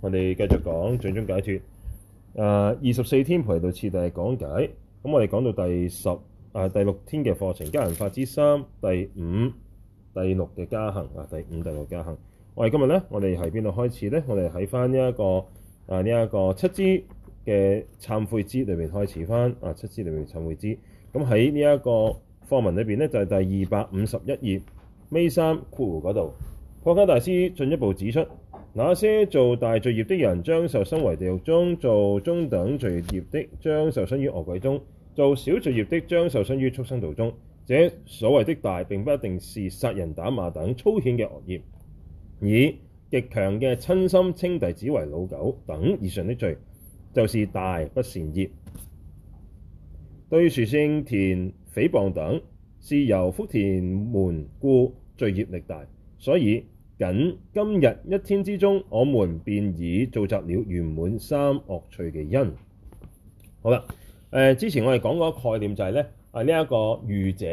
我哋繼續講掌中解脫。誒、啊，二十四天菩提道次第講解。咁我哋講到第十誒、啊、第六天嘅課程，加行法之三，第五、第六嘅加行啊，第五、第六加行。我哋今日咧，我哋喺邊度開始咧？我哋喺翻呢一個誒呢一個七支嘅懺悔支裏邊開始翻啊，七支裏邊懺悔支。咁喺呢一個課文裏邊咧，就係、是、第二百五十一頁尾三括弧嗰度，帕繃喀大師進一步指出。那些做大罪業的人將受生於地獄中；做中等罪業的將受生於餓鬼中；做小罪業的將受生於畜生道中。這所謂的大，並不一定是殺人打罵等粗顯嘅惡業，以極強嘅瞋心稱弟子為老狗等以上的罪，就是大不善業。對殊勝田誹謗等，是由福田門故罪業力大，所以，僅今日一天之中，我們便已造集了圓滿三惡趣嘅因。好啦，誒、呃、之前我哋講嗰個概念就係、是、咧，啊呢一、這個愚者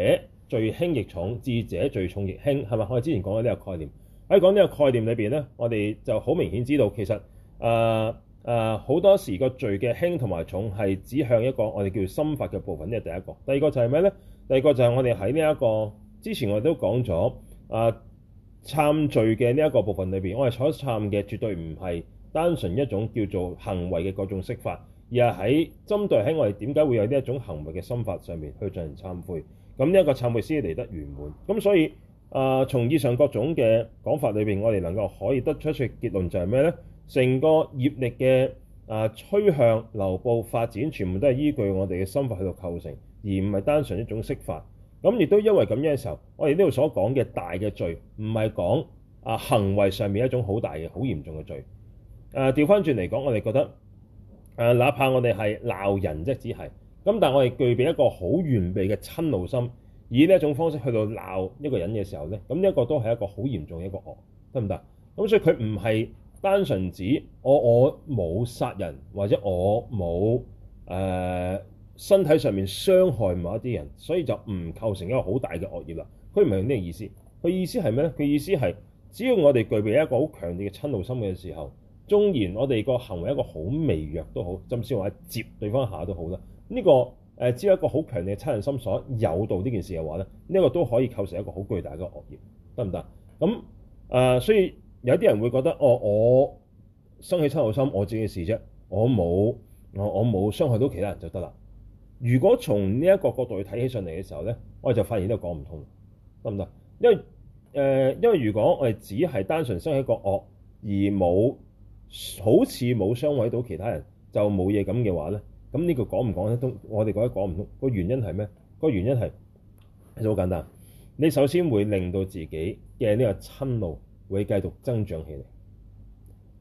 罪輕易重，智者罪重易輕，係咪？我哋之前講過呢個概念。喺講呢個概念裏邊咧，我哋就好明顯知道，其實誒誒好多時個罪嘅輕同埋重係指向一個我哋叫做「心法」嘅部分，呢係第一個。第二個就係咩咧？第二個就係我哋喺呢一個之前我哋都講咗啊。呃懺罪嘅呢一個部分裏邊，我哋所懺嘅絕對唔係單純一種叫做行為嘅各種釋法，而係喺針對喺我哋點解會有呢一種行為嘅心法上面去進行懺悔。咁呢一個懺悔先嚟得圓滿。咁所以啊，從、呃、以上各種嘅講法裏邊，我哋能夠可以得出出結論就係咩呢？成個業力嘅啊趨向流布發展，全部都係依據我哋嘅心法去到構成，而唔係單純一種釋法。咁亦都因為咁樣嘅時候，我哋呢度所講嘅大嘅罪，唔係講啊行為上面一種好大嘅、好嚴重嘅罪。誒調翻轉嚟講，我哋覺得、啊、哪怕我哋係鬧人，即只係，咁但係我哋具備一個好完備嘅瞋怒心，以呢一種方式去到鬧一個人嘅時候咧，咁呢一個都係一個好嚴重嘅一個惡，得唔得？咁所以佢唔係單純指我我冇殺人或者我冇誒。呃身體上面傷害某一啲人，所以就唔構成一個好大嘅惡業啦。佢唔明呢個意思？佢意思係咩咧？佢意思係只要我哋具備一個好強烈嘅瞋恚心嘅時候，縱然我哋個行為一個好微弱都好，甚至話接對方下都好啦。呢、這個誒、呃，只要一個好強烈嘅瞋恚心所有導呢件事嘅話咧，呢、這個都可以構成一個好巨大嘅惡業，得唔得？咁誒、呃，所以有啲人會覺得，哦，我生起瞋恚心，我自己嘅事啫，我冇我冇傷害到其他人就得啦。如果從呢一個角度去睇起上嚟嘅時候咧，我就發現都講唔通，得唔得？因為誒、呃，因為如果我哋只係單純生起一個惡，而冇好似冇傷害到其他人，就冇嘢咁嘅話咧，咁呢個講唔講得通，我哋覺得講唔通。個原因係咩？個原因係係好簡單，你首先會令到自己嘅呢個瞋怒會繼續增長起嚟，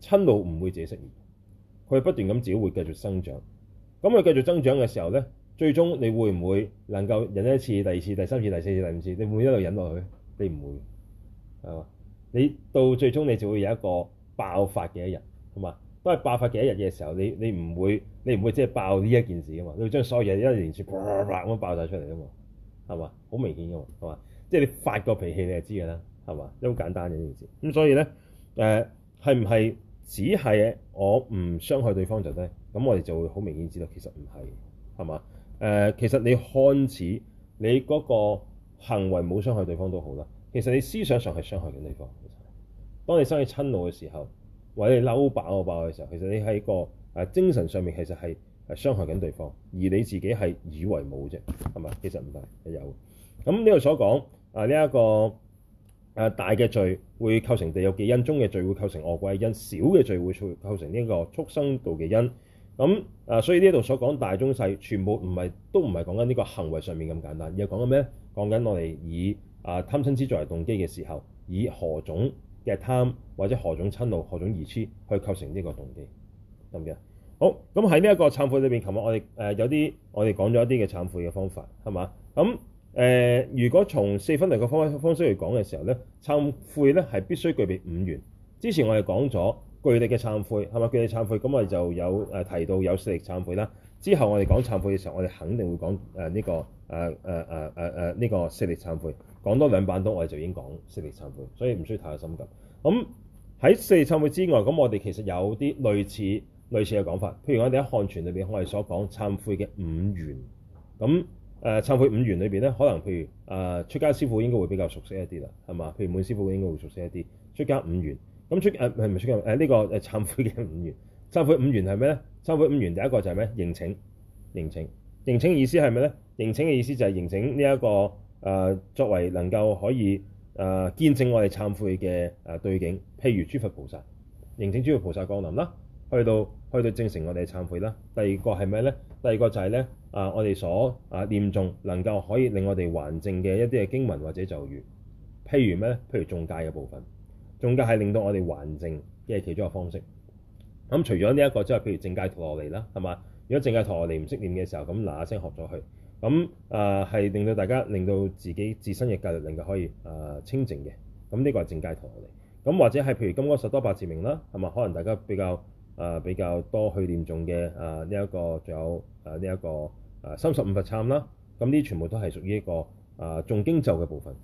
瞋怒唔會自己熄，佢不斷咁自己會繼續生長。咁佢繼續增長嘅時候咧。最終你會唔會能夠忍一次、第二次、第三次、第二次、第四次、第五次？你會一路忍落去？你唔會係嘛？你到最終你就會有一個爆發嘅一日，同埋當係爆發嘅一日嘅時候，你你唔會你唔會即係爆呢一件事㗎嘛？你會將所有嘢一連串啪啪咁爆晒出嚟㗎嘛？係嘛？好明顯㗎嘛？係嘛？即係你發個脾氣你就知㗎啦，係嘛？都好簡單嘅一件事。咁所以咧，誒係唔係只係我唔傷害對方就得？咁我哋就會好明顯知道其實唔係，係嘛？誒、呃，其實你看似你嗰個行為冇傷害對方都好啦，其實你思想上係傷害緊對方。當你生起瞋怒嘅時候，或者你嬲爆爆嘅時候，其實你喺個誒精神上面其實係係傷害緊對方，而你自己係以為冇啫，係嘛？其實唔係，係有。咁呢度所講啊，呢、呃、一、這個誒大嘅罪會構成地獄嘅因，中嘅罪會構成惡鬼嘅因，小嘅罪會構構成呢個畜生道嘅因。咁所以呢一度所講大中細，全部唔係都唔係講緊呢個行為上面咁簡單，而係講緊咩？講緊我哋以、啊、貪瞋痴作為動機嘅時候，以何種嘅貪或者何種瞋怒、何種愚痴去構成呢個動機，得唔得？好，咁喺呢個懺悔裏面，琴日我哋、呃、有啲我哋講咗一啲嘅懺悔嘅方法，係咪？咁、呃、如果從四分類嘅方方式嚟講嘅時候呢，懺悔咧，係必須具備五緣。之前我哋講咗。四力嘅懺悔係咪？佢哋懺悔，咁我哋就有誒、呃、提到有四力懺悔啦。之後我哋講懺悔嘅時候，我哋肯定會講誒呢個誒誒誒誒誒呢個四力懺悔。講多兩版都我哋就已經講四力懺悔，所以唔需要太心急。咁喺四力懺悔之外，咁我哋其實有啲類似類似嘅講法。譬如我哋喺漢傳裏邊，我哋所講懺悔嘅五緣。咁誒、呃、懺悔五緣裏邊咧，可能譬如誒、呃、出家師傅應該會比較熟悉一啲啦，係嘛？譬如滿師傅應該會熟悉一啲出家五緣。咁出誒唔唔出嘅呢、啊呢個誒懺悔嘅五緣，懺悔五緣係咩咧？懺悔五緣第一個就係咩？認請，認請，認請意思係咩咧？認請嘅意思就係認請呢一個誒、呃、作為能夠可以誒、呃、見證我哋懺悔嘅誒對境，譬如諸佛菩薩認請諸佛菩薩降臨啦，去到去到證成我哋嘅懺悔啦。第二個係咩咧？第二個就係咧啊！我哋所啊念誦能夠可以令我哋還淨嘅一啲嘅經文或者咒語，譬如咩？譬如眾戒嘅部分。仲加係令到我哋還淨嘅其中一個方式了，這個。咁除咗呢一個之外，譬如靜界陀羅尼啦，係嘛？如果靜界陀羅尼唔識念嘅時候，咁嗱一聲學咗去，咁啊係令到大家，令到自己自身嘅教育能夠可以啊、呃、清靜嘅。咁呢個係靜界陀羅尼。咁或者係譬如金剛薩埵百字明啦，係嘛？可能大家比較啊、呃、比較多去念誦嘅啊呢一個，仲有啊呢一個啊三十五佛懺啦。咁呢全部都係屬於一個啊誦經咒嘅部分。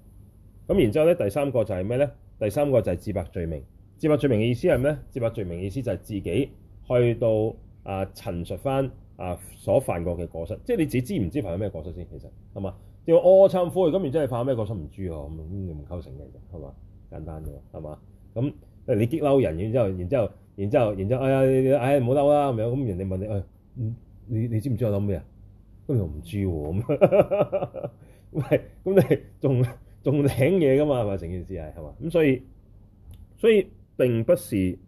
咁然之後咧，第三個就係咩咧？第三個就係自白罪名。自白罪名嘅意思係咩？自白罪名意思就係自己去到啊、呃、陳述翻啊、呃、所犯過嘅過失。即係你自己知唔知犯過咩過失先？其實係嘛？叫我懺悔咁，然之係犯咩過失唔知啊？咁唔、嗯、構成嘅啫，係嘛？簡單嘅喎，係嘛？咁你激嬲人，然之後，然之後，然之後，然之後，哎呀，哎唔好嬲啦咁樣。咁人哋問你誒、哎，你你知唔知道我諗咩啊？咁又唔知喎。咁， 喂，咁你仲？仲領嘢噶嘛？係咪成件事係，係嘛？咁所以所以並不是誒、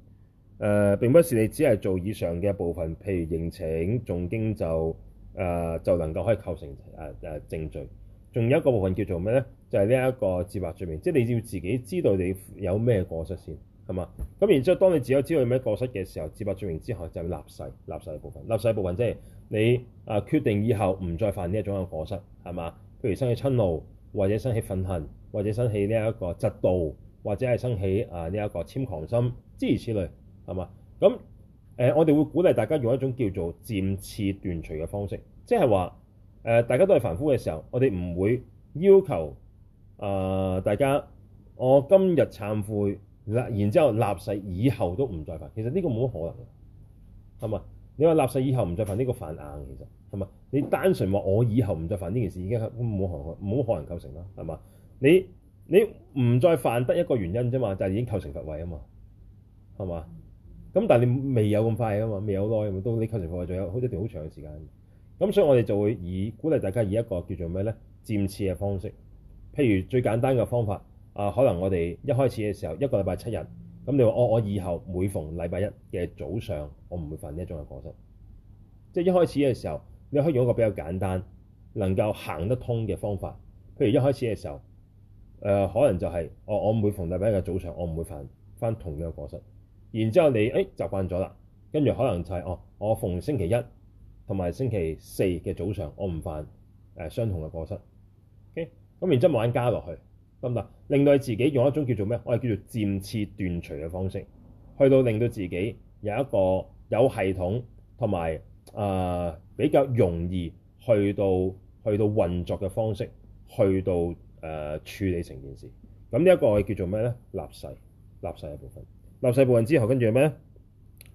呃，並不是你只係做以上嘅部分，譬如認請、縱經就誒、呃，就能夠可以構成誒誒證罪。仲、呃呃、有一個部分叫做咩咧？就係呢一個自白罪名，即、就、係、是、你要自己知道你有咩過失先係嘛？咁然之後，當你只有知道有咩過失嘅時候，自白罪名之後就納誓，納誓嘅部分，納誓部分即係你誒、呃、決定以後唔再犯呢一種嘅過失係嘛？譬如身嘅瞋怒。或者生起憤恨，或者生起呢一個嫉妒，或者係生起啊呢一個籤狂心，諸如此類係嘛？咁誒、呃，我哋會鼓勵大家用一種叫做漸次斷除嘅方式，即係話誒，大家都係凡夫嘅時候，我哋唔會要求啊、呃、大家我今日懺悔，然之後立誓以後都唔再犯，其實呢個冇乜可能嘅係咪？你話立誓以後唔再犯，呢個犯硬，其實係嘛？你單純話我以後唔再犯呢件事已經冇可冇可能構成啦，係嘛？你你唔再犯得一個原因啫嘛，就係已經構成佛位啊嘛，係嘛？咁但係你未有咁快啊嘛，未有耐，到你構成佛位仲有好一段好長嘅時間。咁所以我哋就會以鼓勵大家以一個叫做咩咧漸次嘅方式，譬如最簡單嘅方法啊，可能我哋一開始嘅時候一個禮拜七日。咁你話哦，我以後每逢禮拜一嘅早上，我唔會犯呢一種嘅過失。即係一開始嘅時候，你可以用一個比較簡單、能夠行得通嘅方法。譬如一開始嘅時候，誒、呃、可能就係、是，哦，我每逢禮拜一嘅早上，我唔會犯翻同樣嘅過失。然之後你誒、哎、習慣咗啦，跟住可能就係、是，哦，我逢星期一同埋星期四嘅早上，我唔犯誒、呃、相同嘅過失。咁、okay？然之後慢慢加落去。咁嗱，令到自己用一種叫做咩？我哋叫做漸次斷除嘅方式，去到令到自己有一個有系統同埋啊比較容易去到去到運作嘅方式，去到誒、呃、處理成件事。咁呢一個我哋叫做咩咧？納世，納世嘅部分，納世部分之後跟住咩？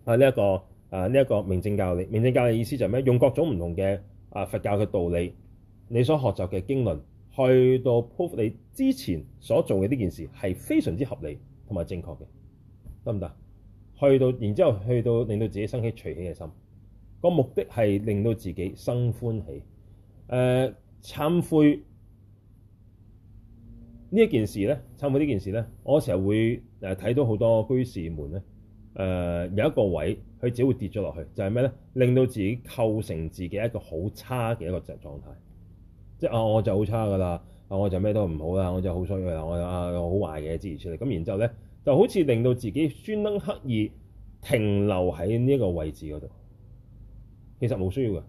啊呢一個、這個啊呢一個、這個明正教理，明正教理意思就係咩？用各種唔同嘅啊佛教嘅道理，你所學習嘅經論。去到 prove 你之前所做嘅呢件事係非常之合理同埋正確嘅，得唔得？去到然之後，去到令到自己生起隨喜嘅心，個目的係令到自己生歡喜。誒、呃，懺悔呢一件事咧，懺悔呢件事咧，我成日會誒睇到好多居士們咧，誒、呃、有一個位佢只會跌咗落去，就係咩咧？令到自己構成自己一個好差嘅一個狀態。即係啊！我就好差㗎啦！啊！我就咩都唔好啦！我就好衰㗎啦！我，我啊，好壞嘅自然出嚟。咁然之後咧，就好似令到自己專登刻意停留喺呢一個位置嗰度，其實冇需要嘅。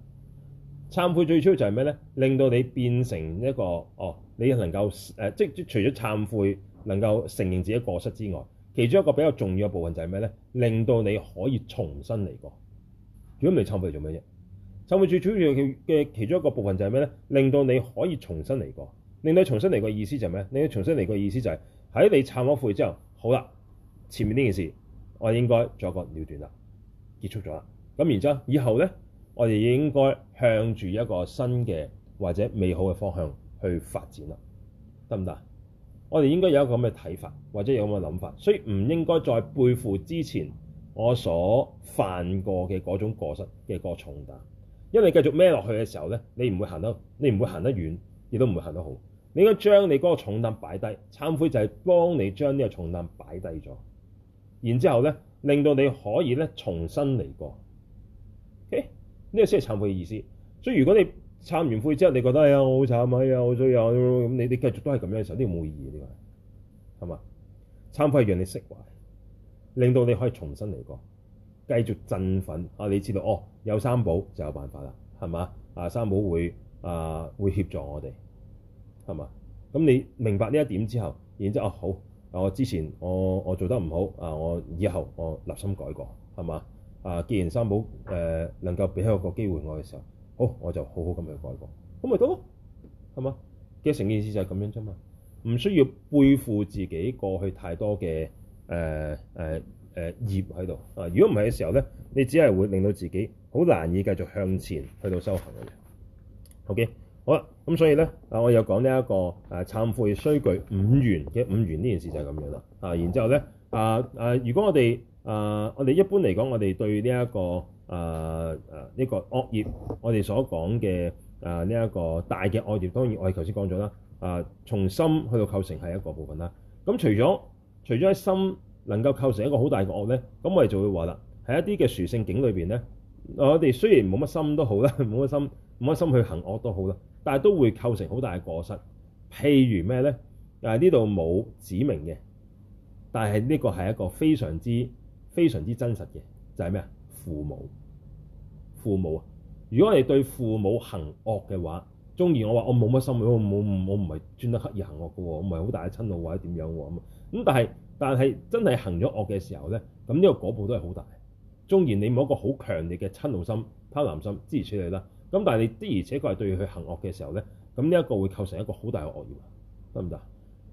懺悔最需要就係咩咧？令到你變成一個哦，你能夠誒、呃，即係除咗懺悔能夠承認自己過失之外，其中一個比較重要嘅部分就係咩咧？令到你可以重新嚟過。如果唔係懺悔嚟做咩啫？就係最主要嘅其中一個部分，就係咩咧？令到你可以重新嚟過。令到重新嚟過意思就係咩？令到重新嚟過意思就係、是、喺你懺咗悔之後，好啦，前面呢件事我應該作個了斷啦，結束咗啦。咁然之後，以後咧，我哋應該向住一個新嘅或者美好嘅方向去發展啦，得唔得？我哋應該有一個咁嘅睇法，或者有咁嘅諗法，所以唔應該再背負之前我所犯過嘅嗰種過失嘅嗰個重擔。因為你繼續孭落去嘅時候咧，你唔會行得，你唔會行得遠，亦都唔會行得好。你應該將你嗰個重擔擺低，懺悔就係幫你將呢個重擔擺低咗，然之後咧，令到你可以咧重新嚟過。呢個先係懺悔嘅意思。所以如果你懺完悔之後，你覺得哎呀，我好慘啊，哎呀，好衰啊，咁、哎哎、你你繼續都係咁樣嘅時候，呢個冇意義嘅，呢個係嘛？懺悔係讓你釋懷，令到你可以重新嚟過。繼續振奮啊！你知道哦，有三寶就有辦法啦，係嘛？啊，三寶會啊，會協助我哋，係嘛？咁你明白呢一點之後，然之後啊，好，我、啊、之前我我做得唔好啊，我以後我立心改過，係嘛？啊，既然三寶誒、呃、能夠俾一個個機會我嘅時候，好，我就好好咁去改過，咁咪得咯，係嘛？嘅成件事就係咁樣啫嘛，唔需要背負自己過去太多嘅誒誒。呃呃誒業喺度啊！如果唔係嘅時候咧，你只係會令到自己好難以繼續向前去到修行嘅。OK，好啦，咁所以咧、這個，啊，我有講呢一個誒懺悔須具五元嘅五元呢件事就係咁樣啦。啊，然之後咧，啊啊，如果我哋啊，我哋一般嚟講，我哋對呢、這、一個啊啊呢、這個惡業，我哋所講嘅啊呢一、這個大嘅惡業，當然我哋頭先講咗啦。啊，從心去到構成係一個部分啦。咁除咗除咗喺心。能夠構成一個好大嘅惡咧，咁我哋就會話啦，喺一啲嘅殊勝境裏邊咧，我哋雖然冇乜心都好啦，冇乜心冇乜心去行惡都好啦，但係都會構成好大嘅過失。譬如咩咧？啊呢度冇指明嘅，但係呢個係一個非常之非常之真實嘅，就係咩啊？父母，父母啊！如果我哋對父母行惡嘅話，縱然我話我冇乜心，我冇我唔係專登刻意行惡嘅喎，我唔係好大嘅瞋怒或者點樣喎，咁咁但係。但係真係行咗惡嘅時候咧，咁呢個果報都係好大。縱然你冇一個好強烈嘅瞋怒心、貪婪心支持處理啦，咁但係你的而且確係對佢行惡嘅時候咧，咁呢一個會構成一個好大嘅惡業，得唔得？誒、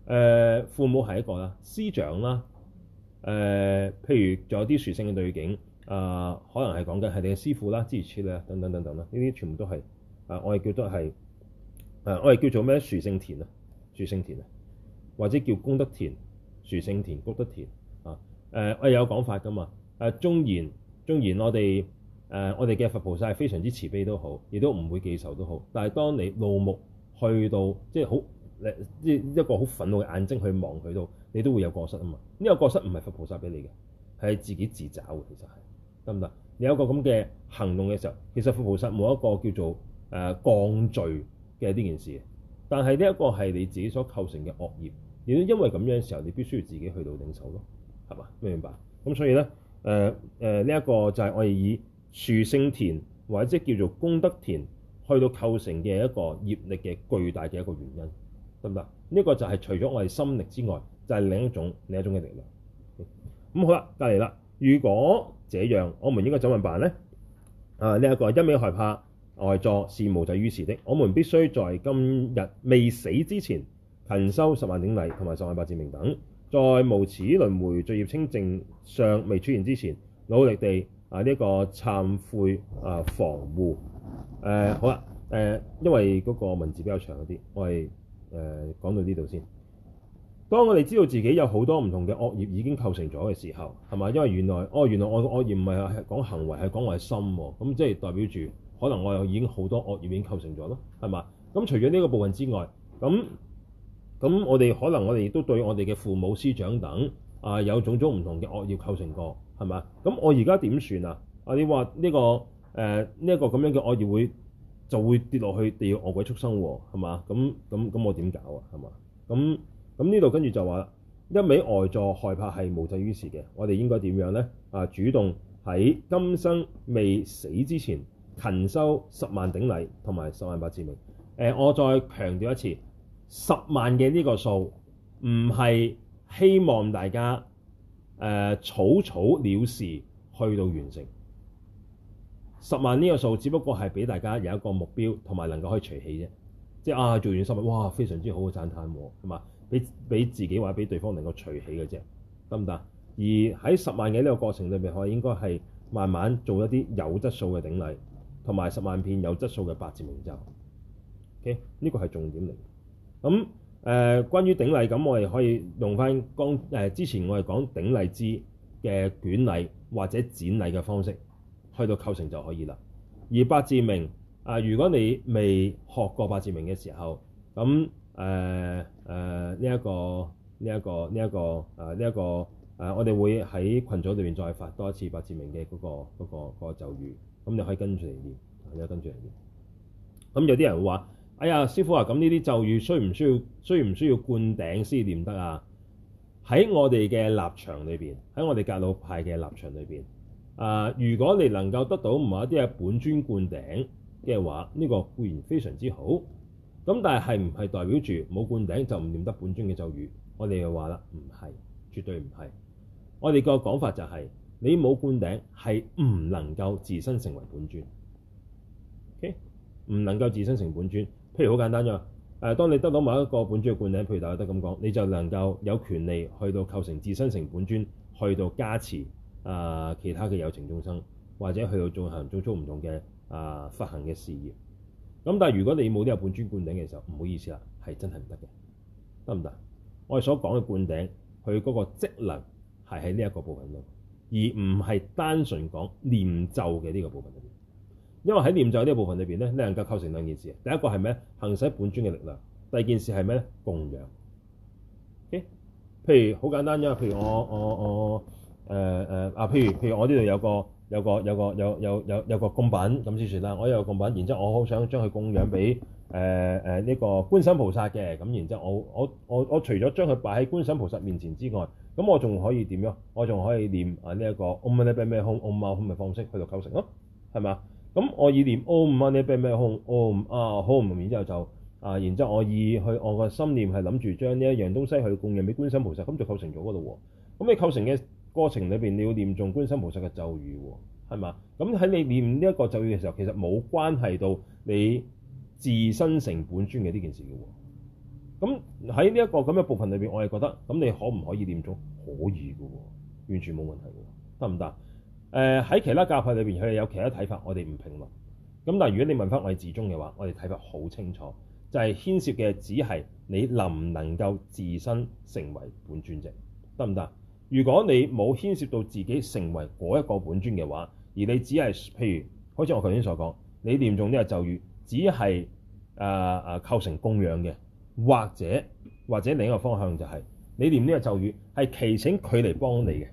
呃，父母係一個啦，師長啦，誒、呃，譬如仲有啲殊勝嘅對境啊，可能係講緊係你嘅師傅啦、支持處理啦等等等等啦，呢啲全部都係啊，我哋叫做係啊，我哋叫做咩？殊勝田啊，殊勝田啊，或者叫功德田。殊勝田、功德田，啊！誒、啊啊，我有講法噶嘛？誒，縱然縱然我哋誒我哋嘅佛菩薩係非常之慈悲都好，亦都唔會記仇都好。但係當你怒目去到即係好，即係一個好憤怒嘅眼睛去望佢度，你都會有過失啊嘛！呢、這個過失唔係佛菩薩俾你嘅，係自己自找嘅。其實係得唔得？你有一個咁嘅行動嘅時候，其實佛菩薩冇一個叫做誒、呃、降罪嘅呢件事，但係呢一個係你自己所構成嘅惡業。亦都因為咁樣嘅時候，你必須要自己去到領受咯，係嘛？明唔明白？咁所以咧，誒誒呢一個就係我哋以殊勝田或者叫做功德田去到構成嘅一個業力嘅巨大嘅一個原因，得唔得？呢、這個就係除咗我哋心力之外，就係、是、另一種另一種嘅力量。咁好啦，隔嚟啦。如果這樣，我們應該怎樣辦咧？啊、呃，呢、這、一個因為害怕呆坐是無濟於事的，我們必須在今日未死之前。勤修十萬頂禮同埋十萬百字明等，在無始輪迴罪業清淨相未出現之前，努力地啊呢一、這個懺悔啊防護，誒、呃、好啦誒、呃，因為嗰個文字比較長一啲，我係誒、呃、講到呢度先。當我哋知道自己有好多唔同嘅惡業已經構成咗嘅時候，係嘛？因為原來哦，原來我嘅惡業唔係講行為，係講我係心喎、啊。咁即係代表住可能我又已經好多惡業已經構成咗咯，係嘛？咁除咗呢個部分之外，咁。咁我哋可能我哋亦都對我哋嘅父母師長等啊有種種唔同嘅惡業構成過，係嘛？咁我而家點算啊？啊，你話呢個誒呢一個咁樣嘅惡業會就會跌落去地獄、餓鬼、畜生喎，係嘛？咁咁咁我點搞啊？係嘛？咁咁呢度跟住就話一味呆坐害怕係無濟於事嘅，我哋應該點樣呢？啊，主動喺今生未死之前勤修十萬頂禮同埋十萬百字明、呃。我再強調一次。十萬嘅呢個數唔係希望大家誒、呃、草草了事去到完成。十萬呢個數只不過係俾大家有一個目標，同埋能夠可以隨喜啫。即係啊，做完十萬，哇，非常之好嘅讚歎喎，係嘛？俾俾自己或者俾對方能夠隨喜嘅啫，得唔得？而喺十萬嘅呢個過程裏邊，我應該係慢慢做一啲有質素嘅頂禮，同埋十萬遍有質素嘅百字明咒。OK，呢個係重點嚟。咁誒、呃，關於頂禮咁，我哋可以用翻剛誒、呃、之前我哋講頂禮之嘅卷禮或者展禮嘅方式去到構成就可以啦。而百字明啊、呃，如果你未學過百字明嘅時候，咁誒誒呢一個呢一、這個呢一、這個啊呢一個啊、呃，我哋會喺群組裏邊再發多一次百字明嘅嗰、那個嗰、那個那個那個、咒語，咁你可以跟住嚟練，大家跟住嚟練。咁有啲人會話。哎呀，師傅啊，咁呢啲咒語需唔需要需唔需要灌頂先念得啊？喺我哋嘅立場裏面，喺我哋格魯派嘅立場裏面，啊、呃，如果你能夠得到某一啲嘅本尊灌頂嘅話，呢、這個固然非常之好。咁但係係唔係代表住冇灌頂就唔念得本尊嘅咒語？我哋又話啦，唔係，絕對唔係。我哋個講法就係、是、你冇灌頂係唔能夠自身成為本尊，OK？唔能夠自身成本尊。Okay? 譬如好簡單咋，誒，當你得到某一個本尊嘅灌頂，譬如大家都咁講，你就能夠有權利去到構成自身成本尊，去到加持啊、呃、其他嘅有情眾生，或者去到進、呃、行做做唔同嘅啊發行嘅事業。咁但係如果你冇呢個本尊灌頂嘅時候，唔好意思啦，係真係唔得嘅，得唔得？我哋所講嘅灌頂，佢嗰個職能係喺呢一個部分度，而唔係單純講念咒嘅呢個部分。因為喺念咒呢部分裏面咧，你能夠構成兩件事。第一個係咩？行使本尊嘅力量。第二件事係咩咧？供養、okay？譬如好簡單，因為譬如我我我、呃呃、啊，譬如譬如我呢度有個有個有個有有有有，有個供品咁先算啦。我有個供品，然之後我好想將佢供養俾誒誒呢個觀想菩薩嘅。咁然之後我我我我，我除咗將佢擺喺觀想菩薩面前之外，咁我仲可以點樣？我仲可以念啊呢一個咩咩咩嘅方式去度構成咯，係嘛？咁我以念 om 啊呢啲咩咩空 om 啊然之後就啊、呃，然之後我以去我個心念係諗住將呢一樣東西去供養俾觀世音菩薩、哦，咁就構成咗㗎咯喎。咁你構成嘅過程裏邊，你要念誦觀世音菩薩嘅咒語喎、哦，係嘛？咁喺你念呢一個咒語嘅時候，其實冇關係到你自身成本尊嘅呢件事嘅喎、哦。咁喺呢一個咁嘅部分裏邊，我係覺得咁你可唔可以念中？可以嘅喎、哦，完全冇問題嘅喎，得唔得？誒喺、呃、其他教派裏邊，佢哋有其他睇法，我哋唔評論。咁但係如果你問翻我哋自宗嘅話，我哋睇法好清楚，就係、是、牽涉嘅只係你能唔能夠自身成為本尊啫，得唔得？如果你冇牽涉到自己成為嗰一個本尊嘅話，而你只係譬如，好似我頭先所講，你念中呢個咒語只是，只係啊啊構成供養嘅，或者或者另一個方向就係、是、你念呢個咒語係祈請佢嚟幫你嘅。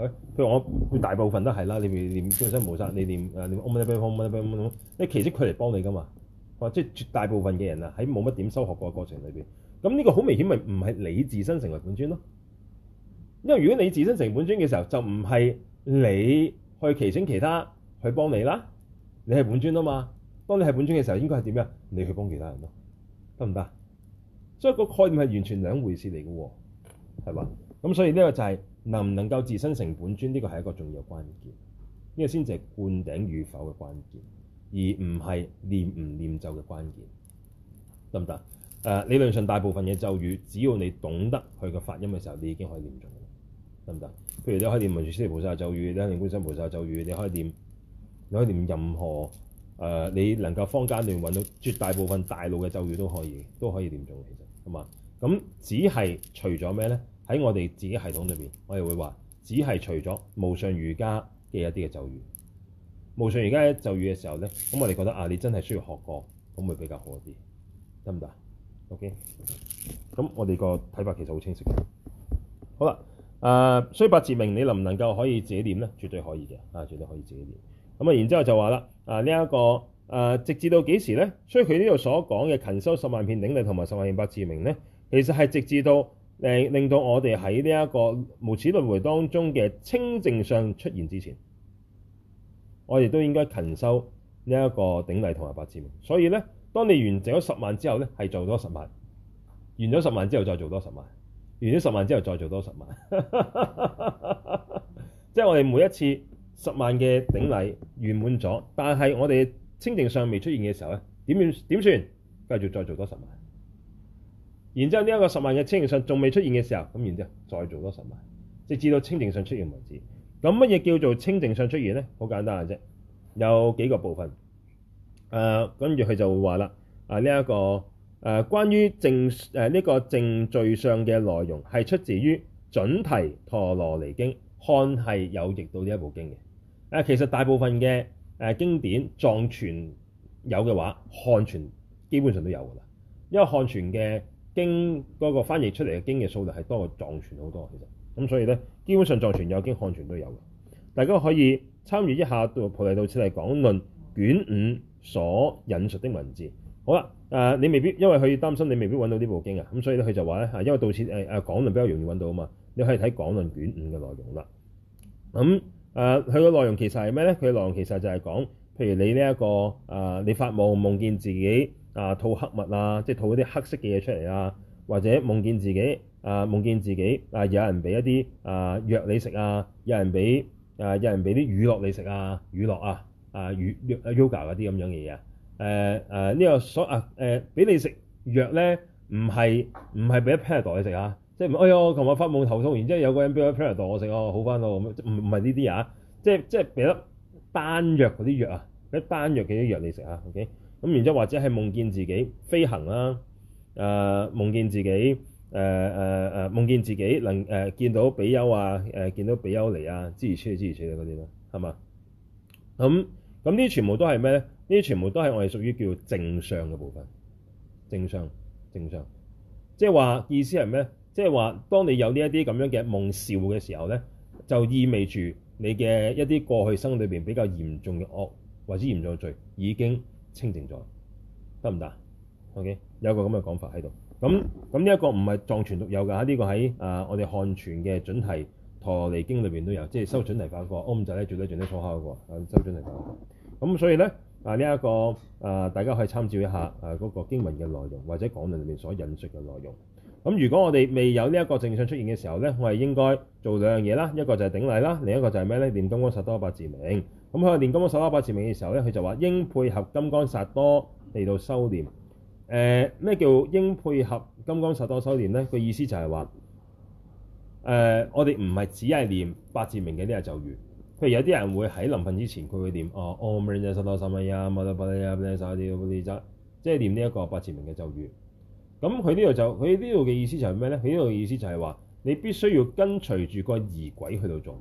誒，譬如我大部分都係啦，你練練終身無殺，你練誒，我唔、哦哦哦哦哦哦哦、其實佢嚟幫你噶嘛。我即係絕大部分嘅人啊，喺冇乜點修學嘅過，過程裏邊，咁呢個好明顯咪唔係你自身成為本尊咯？因為如果你自身成本尊嘅時候，就唔係你去祈請其他去幫你啦。你係本尊啊嘛，當你係本尊嘅時候，應該係點樣？你去幫其他人咯，得唔得？所以個概念係完全兩回事嚟嘅喎，係嘛？咁所以呢個就係、是。能唔能夠自身成本尊呢個係一個重要的關鍵，呢個先至係灌頂與否嘅關鍵，而唔係念唔念咒嘅關鍵，得唔得？誒、呃、理論上大部分嘅咒語，只要你懂得佢嘅發音嘅時候，你已經可以念中，得唔得？譬如你可以念文殊菩薩咒語，你可以念觀世音菩薩咒語，你可以念，你可以念任何誒、呃、你能夠坊間度揾到絕大部分大路嘅咒語都可以，都可以念中其實，好嘛？咁只係除咗咩咧？喺我哋自己嘅系統裏邊，我哋會話，只係除咗無上瑜伽嘅一啲嘅咒語。無上瑜伽嘅咒語嘅時候咧，咁我哋覺得啊，你真係需要學過，咁會比較好一啲，得唔得？OK，咁我哋個睇法其實好清晰嘅。好啦，呃，所以百字明你能唔能夠可以自己念咧？絕對可以嘅，啊，絕對可以自己念。咁啊，然之後就話啦，啊呢一個誒直至到幾時咧？所以佢呢度所講嘅勤修十萬遍頂禮同埋十萬遍百字明咧，其實係直至到。令令到我哋喺呢一個無始輪迴當中嘅清淨相出現之前，我哋都應該勤修呢一個頂禮同埋百字明。所以咧，當你完成咗十萬之後咧，係做多十萬；完咗十萬之後再做多十萬；完咗十萬之後再做多十萬。即 係我哋每一次十萬嘅頂禮完滿咗，但係我哋清淨相未出現嘅時候咧，點點算？繼續再做多十萬。然之後，呢一個十萬嘅清淨相仲未出現嘅時候，咁然之後再做多十萬，直至到清淨相出現為止。咁乜嘢叫做清淨相出現呢？好簡單嘅啫，有幾個部分。跟住佢就會話啦，啊呢一個關於證誒呢個淨罪相嘅內容係出自於《準提陀羅尼經》，漢係有譯到呢一部經嘅、呃。其實大部分嘅誒、呃、經典藏傳有嘅話，漢傳基本上都有噶啦，因為漢傳嘅。經嗰個翻譯出嚟嘅經嘅數量係多過藏傳好多，其實咁所以咧，基本上藏傳有經漢傳都有，大家可以參與一下到菩提道次第廣論卷五所引述的文字。好啦，誒、呃、你未必因為佢擔心你未必揾到呢部經啊，咁所以咧佢就話咧嚇，因為道次誒誒廣論比較容易揾到啊嘛，你可以睇廣論卷五嘅內容啦。咁誒佢嘅內容其實係咩咧？佢內容其實就係講，譬如你呢、這、一個誒、呃，你發夢夢見自己。啊吐黑物啊，即係吐啲黑色嘅嘢出嚟啊，或者夢見自己啊，夢見自己啊，有人俾一啲啊藥你食啊，有人俾啊有人俾啲乳酪你食啊，乳酪啊啊乳 yoga 嗰啲咁樣嘅嘢啊，誒誒呢個所啊誒俾你食藥咧，唔係唔係俾一 pill 你食啊，即係哎呀，琴日發夢頭痛，然之後有個人俾一 pill 我食，我好翻到，唔唔係呢啲啊，即係即係俾單藥嗰啲藥,藥,藥啊，嗰一單藥嘅啲藥你食啊。ok 咁然之後，或者係夢見自己飛行啦、啊，誒、呃、夢見自己，誒、呃呃呃、夢見自己能誒、呃、見到比丘啊，誒、呃、見到比丘尼啊，諸如此類，諸如此類嗰啲啦係嘛？咁咁呢啲全部都係咩咧？呢啲全部都係我哋屬於叫淨相嘅部分，淨相淨相。即係話意思係咩，即係話當你有呢一啲咁樣嘅夢兆嘅時候咧，就意味住你嘅一啲過去生裏邊比較嚴重嘅惡或者嚴重嘅罪已經。清淨咗，得唔得？OK，有個咁嘅講法喺度。咁咁呢一個唔係藏傳獨有㗎嚇，呢、這個喺啊、呃、我哋漢傳嘅準提陀羅尼經裏邊都有，即係修準提法嗰個安住咧，最多最多坐下嗰個修準提法。咁所以咧啊呢一、這個啊、呃、大家可以參照一下啊嗰、那個經文嘅內容或者講論裏邊所引述嘅內容。咁如果我哋未有呢一個證相出現嘅時候咧，我哋應該做兩樣嘢啦，一個就係頂禮啦，另一個就係咩咧？念東光十多百字明。咁佢念金剛薩多百字明嘅時候咧，佢就話應配合金剛薩多嚟到修練。誒、呃、咩叫應配合金剛薩多修練咧？個意思就係話、呃、我哋唔係只係念百字明嘅啲咒語。譬如有啲人會喺臨瞓之前，佢會念哦，唵嘛呢叭咪吽、嘛呢叭咪吽、唸沙啲、唸沙啲、唸沙啲，即係念呢一個百字明嘅咒語。咁佢呢度就佢呢度嘅意思就係咩咧？佢呢度意思就係話你必須要跟隨住個儀軌去到做。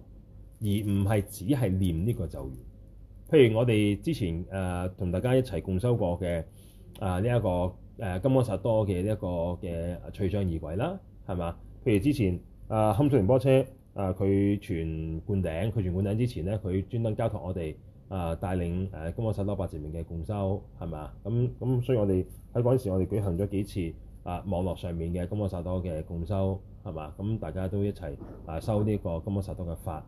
而唔係只係念呢個咒語。譬如我哋之前誒同、呃、大家一齊共修過嘅啊呢一個誒、呃、金剛薩埵嘅呢一個嘅除障儀軌啦，係嘛？譬如之前誒堪蘇仁波切誒佢、呃、傳灌頂，佢傳灌頂之前咧，佢專登交託我哋啊帶領誒金剛薩埵百字明嘅共修，係嘛？咁咁，所以我哋喺嗰陣時，我哋舉行咗幾次啊、呃、網絡上面嘅金剛薩埵嘅共修，係嘛？咁大家都一齊啊、呃、修呢個金剛薩埵嘅法。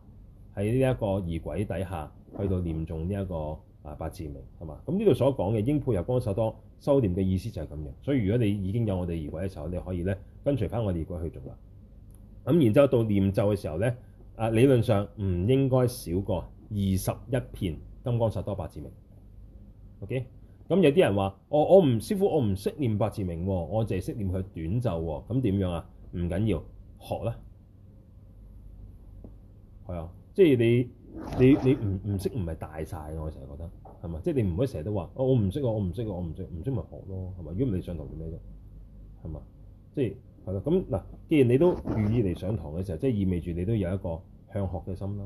喺呢一個儀軌底下，去到念誦呢一個啊百字明，係嘛？咁呢度所講嘅應配合金剛薩埵修念嘅意思就係咁樣。所以如果你已經有我哋儀軌嘅時候，你可以咧跟隨返我哋儀軌去做啦。咁然之後到念咒嘅時候咧，啊理論上唔應該少過二十一遍金剛薩埵百字明。OK，咁有啲人話、哦，我我唔師傅，我唔識念百字明、哦，我淨係識念佢短咒、哦。咁點樣啊？唔緊要，學啦，係啊、哦。即係你你你唔唔識唔係大晒，我成日覺得係嘛？即係你唔可以成日都話，哦，我我唔識我唔識我唔識唔識咪學咯，係咪？如果唔係上堂做咩啫？係嘛？即係係啦。咁嗱，既然你都願意嚟上堂嘅時候，即係意味住你都有一個向學嘅心啦，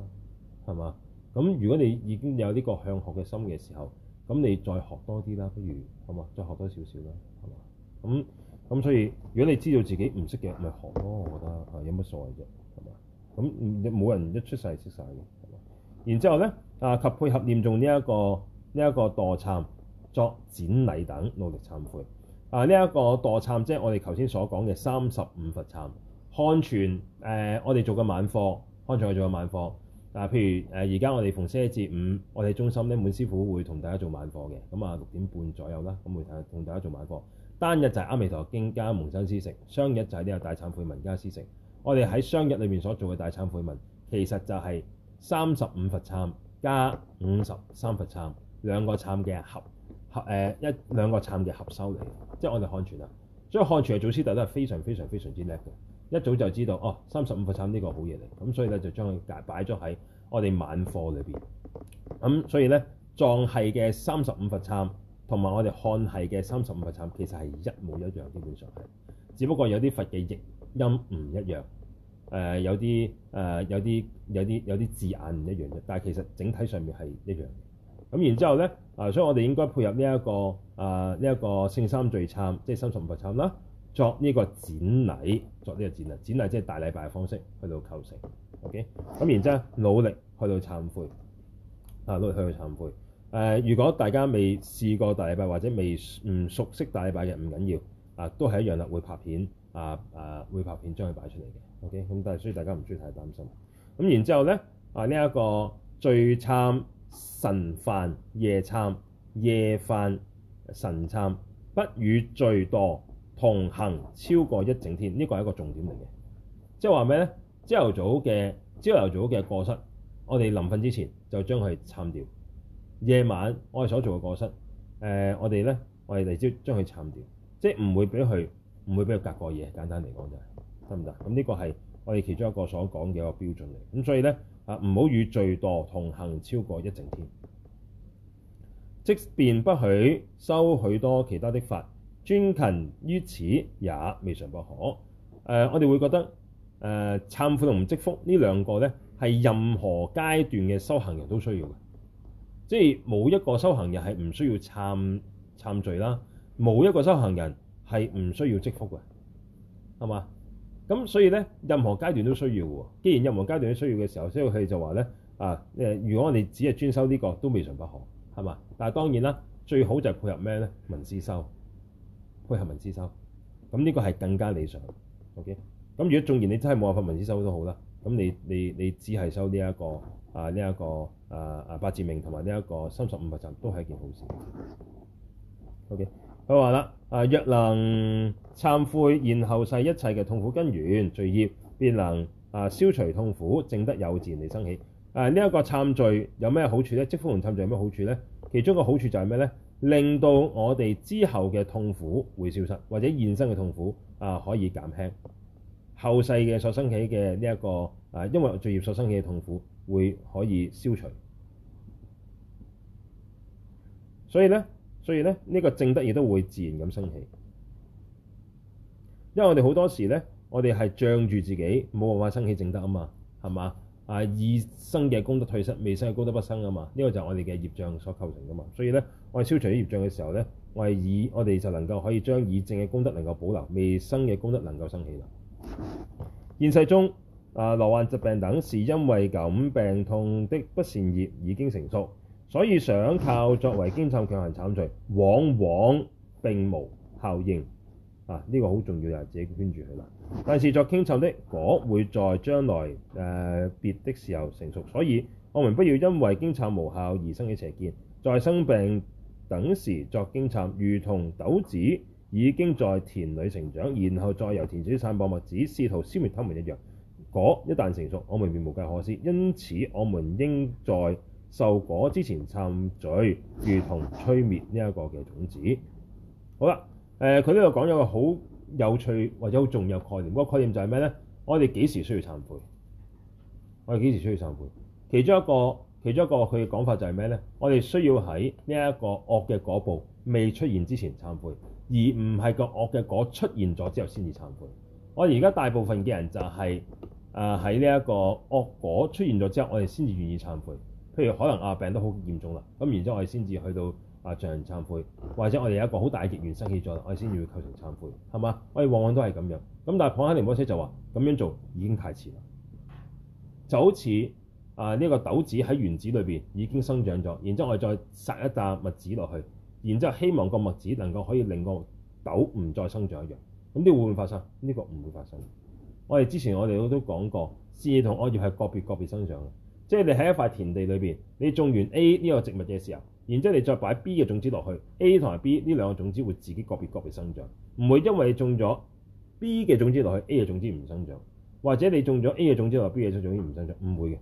係嘛？咁如果你已經有呢個向學嘅心嘅時候，咁你再學多啲啦，不如係嘛？再學多少少啦，係嘛？咁咁所以如果你知道自己唔識嘅咪學咯，我覺得有乜所謂啫，係嘛？咁冇人一出世識晒嘅，然之後呢，啊，及配合念誦呢一個呢一，這個墮懺作展禮等努力懺悔啊。呢、這、一個墮懺即係我哋頭先所講嘅三十五佛懺。漢傳誒、啊、我哋做嘅晚課，漢傳我做嘅晚課但啊，譬如誒而家我哋逢四至五，我哋中心呢滿師傅會同大家做晚課嘅，咁啊六點半左右啦，咁會同大家做晚課。單日就係阿彌陀經加蒙山施食，雙日就係呢個大懺悔文加施食。我哋喺商日裏面所做嘅大懺悔文，其實就係三十五佛懺加五十三佛懺兩個懺嘅合合誒一兩個懺嘅合收嚟，即係我哋漢傳啦。所以漢傳嘅祖師弟都係非常非常非常之叻嘅，一早就知道哦三十五佛懺呢個好嘢嚟，咁所以咧就將佢大擺咗喺我哋晚課裏邊。咁所以咧藏系嘅三十五佛懺同埋我哋漢系嘅三十五佛懺其實係一模一樣，基本上係，只不過有啲佛嘅譯音唔一樣。誒、呃、有啲誒、呃、有啲有啲有啲字眼唔一樣嘅，但係其實整體上面係一樣嘅。咁、嗯、然之後咧啊，所以我哋應該配合呢一個啊呢一個聖三聚餐，即係三十五號餐啦，作呢個展禮，作呢個展禮，展禮即係大禮拜嘅方式去到構成。OK，咁、嗯、然之後努力去到懺悔啊，努力去到懺悔。誒、啊，如果大家未試過大禮拜或者未唔熟悉大禮拜嘅，唔緊要啊，都係一樣啦，會拍片啊啊，會拍片將佢擺出嚟嘅。O.K. 咁但係，所以大家唔需要太擔心。咁然之後咧，啊呢一、這個罪墮、晨犯、夜懺、夜犯、晨懺，不與罪墮同行超過一整天，呢、這個係一個重點嚟嘅，即係話咩咧？朝頭早嘅朝頭早嘅過失，我哋臨瞓之前就將佢懺掉。夜晚我哋所做嘅過失，誒我哋咧，我哋第二朝將佢懺掉，即係唔會俾佢唔會俾佢隔過夜。簡單嚟講就係、是。得唔得？咁呢個係我哋其中一個所講嘅一個標準嚟。咁所以咧啊，唔好與罪墮同行超過一整天。即便不許修許多其他的法，專勤於此也未嘗不可。呃、我哋會覺得誒，懺悔同積福呢兩個咧係任何階段嘅修行人都需要嘅，即係冇一個修行人係唔需要懺懺罪啦，冇一個修行人係唔需要積福嘅，係嘛？咁所以咧，任何階段都需要喎。既然任何階段都需要嘅時候，所以佢就話咧，啊誒，如果我哋只係專修呢個都未嘗不可，係嘛？但係當然啦，最好就係配合咩咧？聞思修，配合聞思修。咁呢個係更加理想。OK，咁如果縱然你真係冇辦法聞思修都好啦，咁你你你只係修呢、這、一個啊呢一、這個啊啊百字明同埋呢一個三十五日集，都係一件好事的。OK。佢話啦，啊，若能懺悔現後世一切嘅痛苦根源罪業，便能啊消除痛苦，淨得有自然地生起。啊，呢、這、一個懺罪有咩好處咧？積福同懺罪有咩好處咧？其中一個好處就係咩咧？令到我哋之後嘅痛苦會消失，或者現生嘅痛苦啊可以減輕，後世嘅所生起嘅呢一個啊，因為罪業所生起嘅痛苦會可以消除。所以咧。所以呢個證德亦都會自然咁升起，因為我哋好多時呢，我哋係仗住自己，冇辦法升起證德啊嘛，係嘛啊？已生嘅功德退失，未生嘅功德不生啊嘛，呢、這個就係我哋嘅業障所構成㗎嘛。所以呢，我哋消除啲業障嘅時候呢，我哋以我哋就能夠可以將已生嘅功德能夠保留，未生嘅功德能夠升起啦。現世中啊，罹患疾病等，是因為感病痛的不善業已經成熟。所以想靠作為經懺強行懺罪，往往並無效應。啊，呢、這個好重要嘅，自己圈住佢啦。但是作經懺的果會在將來誒、呃、別的時候成熟，所以我們不要因為經懺無效而生起邪見。在生病等時作經懺，如同豆子已經在田裏成長，然後再由田主散播麥子，試圖消滅他們一樣。果一旦成熟，我們便無計可施。因此，我們應在受果之前，懺罪如同吹滅呢一個嘅種子。好啦，誒、呃，佢呢度講咗個好有趣或者好重要概念。嗰個概念就係咩呢？我哋幾時需要懺悔？我哋幾時需要懺悔？其中一個其中一個佢嘅講法就係咩呢？我哋需要喺呢一個惡嘅果部未出現之前懺悔，而唔係個惡嘅果出現咗之後先至懺悔。我哋而家大部分嘅人就係誒喺呢一個惡果出現咗之後，我哋先至願意懺悔。譬如可能啊病都好嚴重啦，咁然之後我哋先至去到啊進行懺悔，或者我哋有一個好大嘅原生氣咗，我哋先至會構成懺悔，係嘛？我哋往往都係咁樣。咁但係帕繃喀仁波切就話咁樣做已經太遲啦。就好似啊呢個豆子喺原子裏面已經生長咗，然之後我哋再撒一粒麥子落去，然之後希望個麥子能夠可以令個豆唔再生長一樣。咁呢會唔會發生？呢個唔會發生。我哋之前我哋都講過，私同惡業係個別個別生長嘅。即係你喺一塊田地裏邊，你種完 A 呢個植物嘅時候，然之後你再擺 B 嘅種子落去 A 同埋 B 呢兩個種子會自己個別個別生長，唔會因為你種咗 B 嘅種子落去 A 嘅種子唔生長，或者你種咗 A 嘅種子落去 B 嘅種子唔生長，唔會嘅。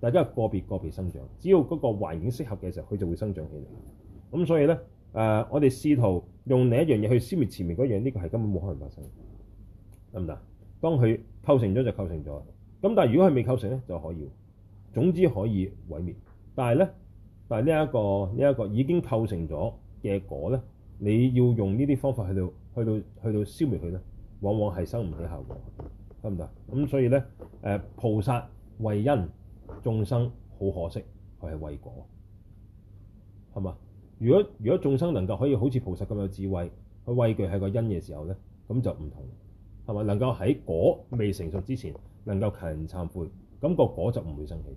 大家個別個別生長，只要嗰個環境適合嘅時候，佢就會生長起嚟。咁所以呢，呃，我哋試圖用另一樣嘢去消滅前面嗰樣，呢個係根本冇可能發生，得唔得？當佢構成咗就構成咗，咁但係如果佢未構成呢，就可以。總之可以毀滅，但係咧，但係呢一個呢一個已經構成咗嘅果咧，你要用呢啲方法去到去到去到消滅佢咧，往往係生唔起效果，得唔得？咁、嗯、所以咧，誒，菩薩為因，眾生好可惜，佢係為果，係嘛？如果如果眾生能夠可以好似菩薩咁有智慧，去畏懼係個因嘅時候咧，咁就唔同，係咪？能夠喺果未成熟之前，能夠求人懺悔，咁個果就唔會生起。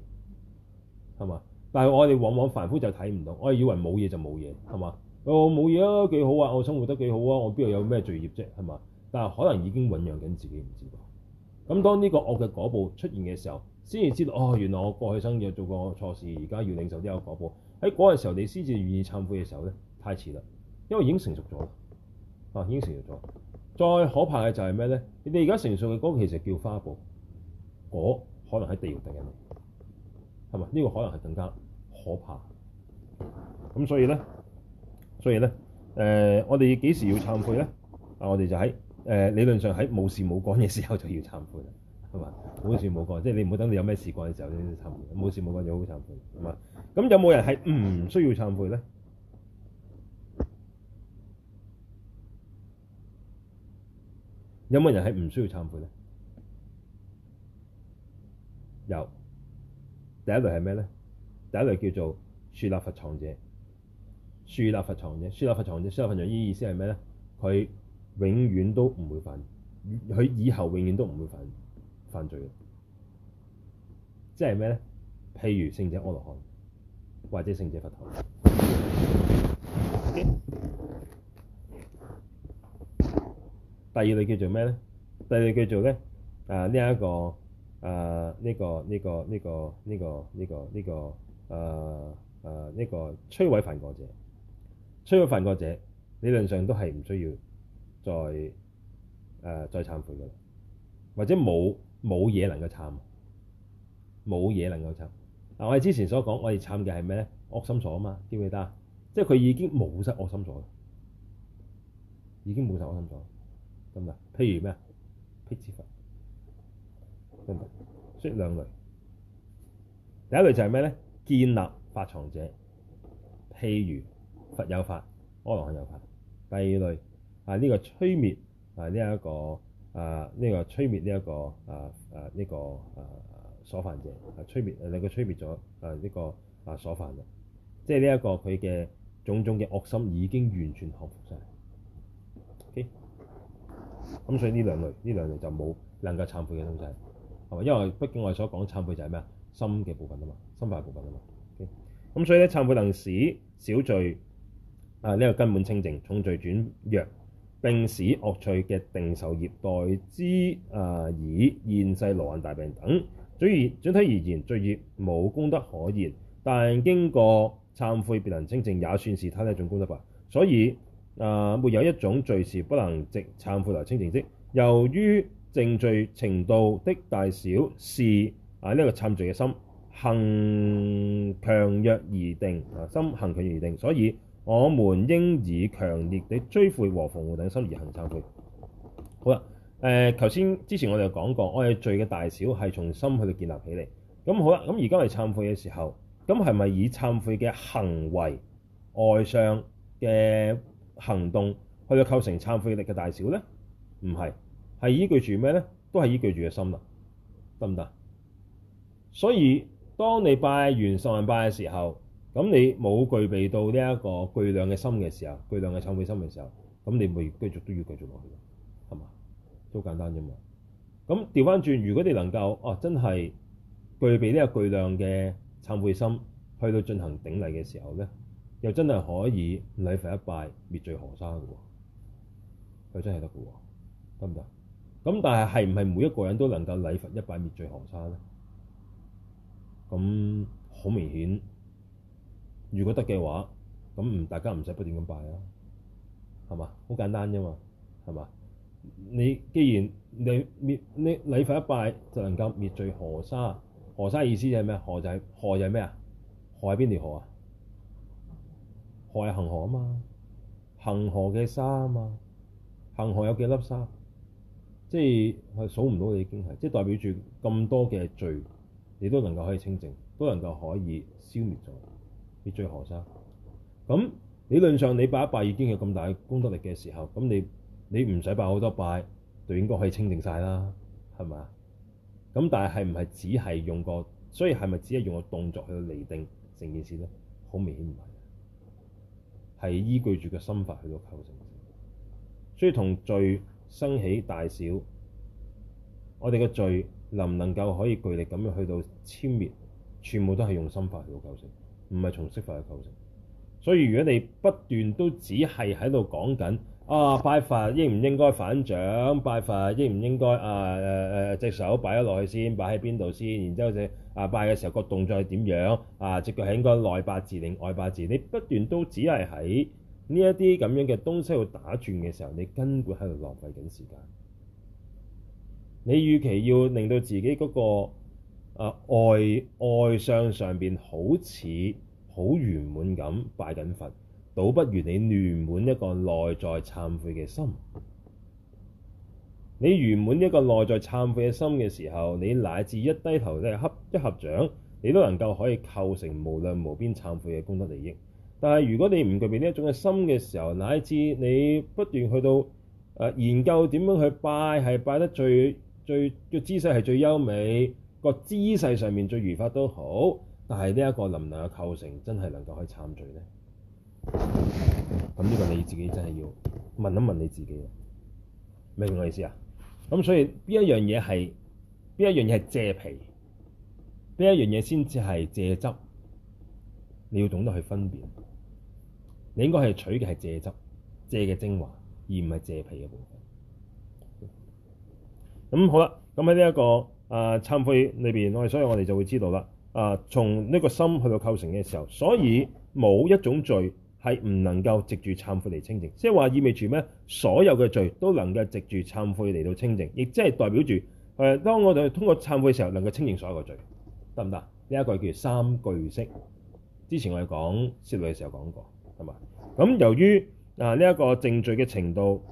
嘛？但係我哋往往凡夫就睇唔到，我係以為冇嘢就冇嘢，係嘛？哦，冇嘢啊，幾好啊，我生活得幾好啊，我邊度有咩罪業啫，係嘛？但係可能已經醖釀緊自己唔知噃。咁當呢個惡嘅果報出現嘅時候，先至知道哦，原來我過去生嘅做過錯事，而家要領受啲嘅果報。喺嗰陣時候，你先至願意懺悔嘅時候咧，太遲啦，因為已經成熟咗啦。啊，已經成熟咗。再可怕嘅就係咩咧？你哋而家成熟嘅果其實叫花報，果可能喺地獄度忍係咪呢個可能係更加可怕？咁所以咧，所以咧，誒、呃，我哋幾時要懺悔咧？啊，我哋就喺誒、呃、理論上喺冇事冇過嘅時候就要懺悔啦，係咪？無事冇過，即係你唔好等你有咩事過嘅時候你先懺悔，冇事冇過就好懺悔，係咪？咁有冇人係唔需要懺悔咧？有冇人係唔需要懺悔咧？有。第一類係咩咧？第一類叫做樹立佛藏者，樹立佛藏者，樹立佛藏者，樹立佛藏者，嘅意思係咩咧？佢永遠都唔會犯，佢以後永遠都唔會犯犯罪嘅，即係咩咧？譬如聖者阿羅漢，或者聖者佛陀。第二類叫做咩咧？第二類叫做咧，啊呢一個。啊！呢、uh, 這個呢、這個呢、這個呢、這個呢、這個呢個啊啊！呢、uh, uh, 個摧毀犯過者、摧毀犯過者，理論上都係唔需要再誒、uh, 再懺悔嘅喇，或者冇冇嘢能夠懺，冇嘢能夠懺。嗱、啊，我哋之前所講，我哋懺嘅係咩咧？惡心所啊嘛，記唔記得啊？即係佢已經冇晒惡心所了，已經冇晒惡心所了，咁啊！譬如咩啊？辟支佛。嗯、所以兩類，第一類就係咩咧？建立法藏者，譬如佛有法，阿羅漢有法。第二類係呢、啊這個摧滅，係呢一個啊，呢、這個摧滅呢、這、一個啊啊呢、這個啊所犯者，摧滅、啊、兩個摧滅咗啊呢、這個啊所犯嘅，即係呢一個佢嘅種種嘅惡心已經完全降服晒。咁、嗯嗯、所以呢兩類呢兩類就冇能夠懺悔嘅東西。因為畢竟我哋所講嘅懺悔就係咩啊？心嘅部分啊嘛，心法嘅部分啊嘛。咁、OK? 所以咧，懺悔能使小罪啊呢、這個根本清淨，重罪轉弱，並使惡趣嘅定受業代之啊，以現世罹患大病等。所以整體而言，罪業冇功德可言，但經過懺悔便能清淨，也算是一種功德吧。所以啊，沒有一種罪是不能藉懺悔來清淨的。由於淨罪程度的大小是啊呢一、這個懺罪嘅心行強弱而定啊，心行強而定，所以我們應以強烈嘅追悔和防護等心而行懺悔。好啦，誒、呃，頭先之前我哋講過，我哋罪嘅大小係從心去到建立起嚟。咁好啦，咁而家係懺悔嘅時候，咁係咪以懺悔嘅行為外上嘅行動去到構成懺悔力嘅大小呢？唔係。係依據住咩咧？都係依據住個心啦，得唔得？所以當你拜完十萬拜嘅時候，咁你冇具備到呢一個巨量嘅心嘅時候，巨量嘅懺悔心嘅時候，咁你咪繼續都要繼續落去咯，係嘛？都好簡單啫嘛。咁調翻轉，如果你能夠哦、啊、真係具備呢個巨量嘅懺悔心，去到進行頂禮嘅時候咧，又真係可以禮佛一拜滅罪河山嘅喎，佢真係得喎，得唔得？咁但係係唔係每一個人都能夠禮佛一拜滅罪河沙咧？咁好明顯，如果得嘅話，咁唔大家唔使不斷咁拜呀，啊？係嘛？好簡單啫嘛，係嘛？你既然你滅你，你禮佛一拜就能夠滅罪河沙，河沙意思係咩？河就係河就係咩啊？河係邊條河啊？河係恒河啊嘛，恒河嘅沙啊嘛，恒河有幾粒沙？即係係數唔到，你已經係，即係代表住咁多嘅罪，你都能夠可以清淨，都能夠可以消滅咗你罪何生？咁理論上你拜一拜已經有咁大嘅功德力嘅時候，咁你你唔使拜好多拜，就應該可以清淨晒啦，係咪啊？咁但係係唔係只係用個？所以係咪只係用個動作去到釐定成件事咧？好明顯唔係，係依據住個心法去到構成。所以同罪。生起大小，我哋嘅罪能唔能夠可以巨力咁樣去到殲滅？全部都係用心法去到構成，唔係從色法去構成。所以如果你不斷都只係喺度講緊啊，拜佛應唔應該反掌，拜佛應唔應該啊誒誒、啊、隻手擺咗落去先擺喺邊度先，然之後就啊拜嘅時候個動作係點樣啊，隻腳係應該內八字定外八字？你不斷都只係喺呢一啲咁樣嘅東西喺度打轉嘅時候，你根本喺度浪費緊時間。你與其要令到自己嗰、那個啊外外相上邊好似好圓滿咁拜緊佛，倒不如你圓滿一個內在懺悔嘅心。你圓滿一個內在懺悔嘅心嘅時候，你乃至一低頭一合一合掌，你都能夠可以構成無量無邊懺悔嘅功德利益。但係如果你唔具備呢一種嘅心嘅時候，乃至你不斷去到誒、呃、研究點樣去拜，係拜得最最嘅姿勢係最優美，個姿勢上面最如法都好，但係呢一個能唔能夠構成真係能夠去參聚咧？咁呢個你自己真係要問一問你自己，明唔明我嘅意思啊？咁所以邊一樣嘢係邊一樣嘢係借皮，邊一樣嘢先至係借汁？你要懂得去分辨。你應該係取嘅，係蔗汁，蔗嘅精華，而唔係蔗皮嘅部分。咁好啦，咁喺呢一個啊，懺、呃、悔裏邊，我哋所以我哋就會知道啦。啊、呃，從呢個心去到構成嘅時候，所以冇一種罪係唔能夠藉住懺悔嚟清淨，即係話意味住咩？所有嘅罪都能夠藉住懺悔嚟到清淨，亦即係代表住誒、呃，當我哋通過懺悔嘅時候，能夠清淨所有嘅罪，得唔得？呢一個叫三句式。之前我哋講攝類嘅時候講過。咁、嗯、由於啊呢一、這個淨罪嘅程度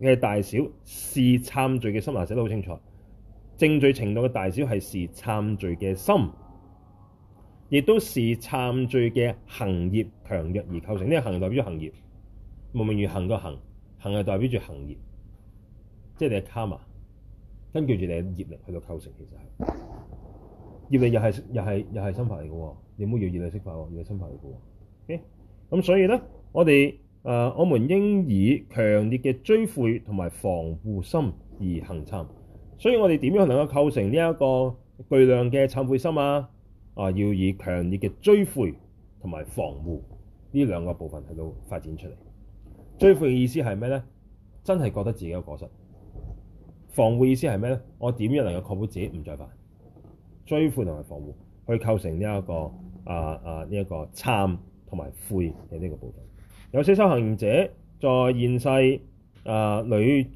嘅大小，是懺罪嘅心，嗱，寫得好清楚。淨罪程度嘅大小係是懺罪嘅心，亦都是懺罪嘅行業強弱而構成。呢、這、啲、個、行代表咗行業，無明緣行個行，行係代表住行業，即係你嘅 karma。根據住你嘅業力去到構成，其實係業力又係又係又係心法嚟嘅喎。你唔好以為業力識法喎，業係心法嚟喎。嘅、okay？咁所以咧，我哋誒、呃，我們應以強烈嘅追悔同埋防護心而行懺。所以我哋點樣能夠構成呢一個巨量嘅懺悔心啊？啊、呃，要以強烈嘅追悔同埋防護呢兩個部分喺度發展出嚟。追悔嘅意思係咩咧？真係覺得自己有過失。防護意思係咩咧？我點樣能夠確保自己唔再犯？追悔同埋防護去構成呢、這、一個啊啊呢一、這個懺。懺同埋悔嘅呢個報應，有些修行者在現世啊，屢、呃、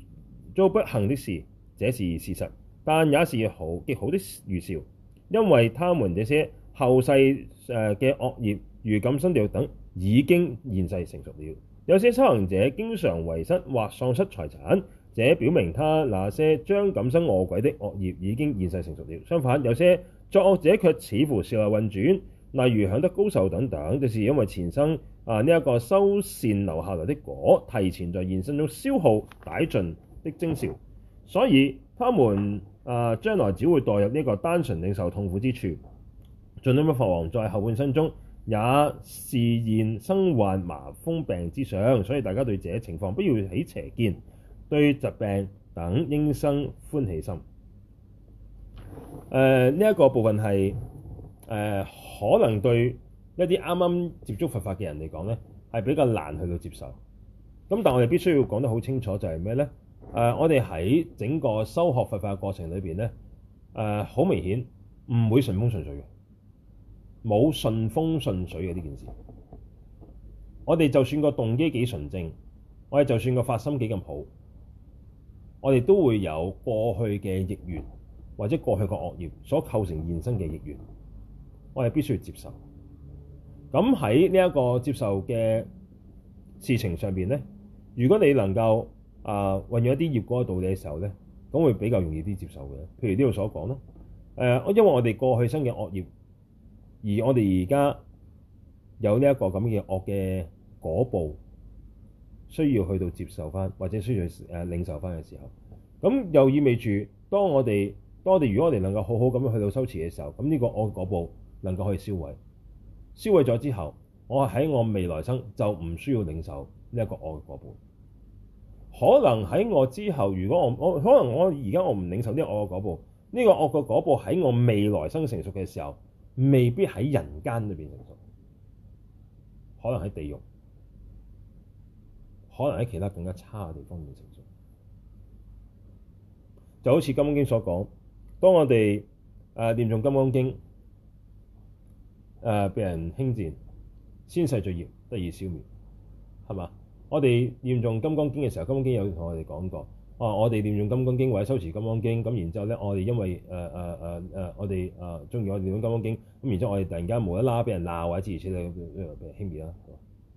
遭不幸的事，這是事實，但也是好極好的預兆，因為他們這些後世誒嘅惡業如感生地獄等已經現世成熟了。有些修行者經常遺失或喪失財產，這表明他那些將感生餓鬼的惡業已經現世成熟了。相反，有些作惡者卻似乎時來運轉。例如享得高壽等等，就是因為前生啊呢一、這個修善留下來的果，提前在現身中消耗殆盡的徵兆。所以他們啊將來只會墮入呢個單純領受痛苦之處。仲敦巴法王在後半生中也示現身患麻風病之相，所以大家對這情況不要起邪見，對疾病等應生歡喜心。誒、啊，呢、這、一個部分係。誒、呃、可能對一啲啱啱接觸佛法嘅人嚟講咧，係比較難去到接受。咁但係我哋必須要講得好清楚就是什麼呢，就係咩咧？誒，我哋喺整個修學佛法嘅過程裏邊咧，誒、呃、好明顯唔會順風順水嘅，冇順風順水嘅呢件事。我哋就算個動機幾純正，我哋就算個發心幾咁好，我哋都會有過去嘅逆緣，或者過去嘅惡業所構成現身嘅逆緣。我哋必須要接受，咁喺呢一個接受嘅事情上邊咧，如果你能夠啊、呃、運用一啲業果嘅道理嘅時候咧，咁會比較容易啲接受嘅。譬如呢度所講啦，誒、呃，因為我哋過去生嘅惡業，而我哋而家有呢一個咁嘅惡嘅果報，需要去到接受翻，或者需要誒領受翻嘅時候，咁又意味住，當我哋當我哋如果我哋能夠好好咁樣去到修持嘅時候，咁呢個惡果報，能夠可以燒毀，燒毀咗之後，我喺我未來生就唔需要領受呢一個惡嘅果報。可能喺我之後，如果我我可能我而家我唔領受呢個惡嘅果報，呢、這個惡嘅果，果報喺我未來生成熟嘅時候，未必喺人間裏邊成熟，可能喺地獄，可能喺其他更加差嘅地方面成熟。就好似《金剛經》所講，當我哋誒念《誦、呃、金剛經》。誒、呃、被人輕賤，先世罪業得以消滅，係嘛？我哋念誦《金剛經》嘅時候，《金剛經》有同我哋講過，啊！我哋念誦《金剛經》或者修持《金剛經》，咁然之後咧，我哋因為誒誒誒誒，我哋誒中意我哋念《金剛經》，咁然之後我哋突然間無啦啦俾人鬧或者諸如此類，俾人輕蔑啦。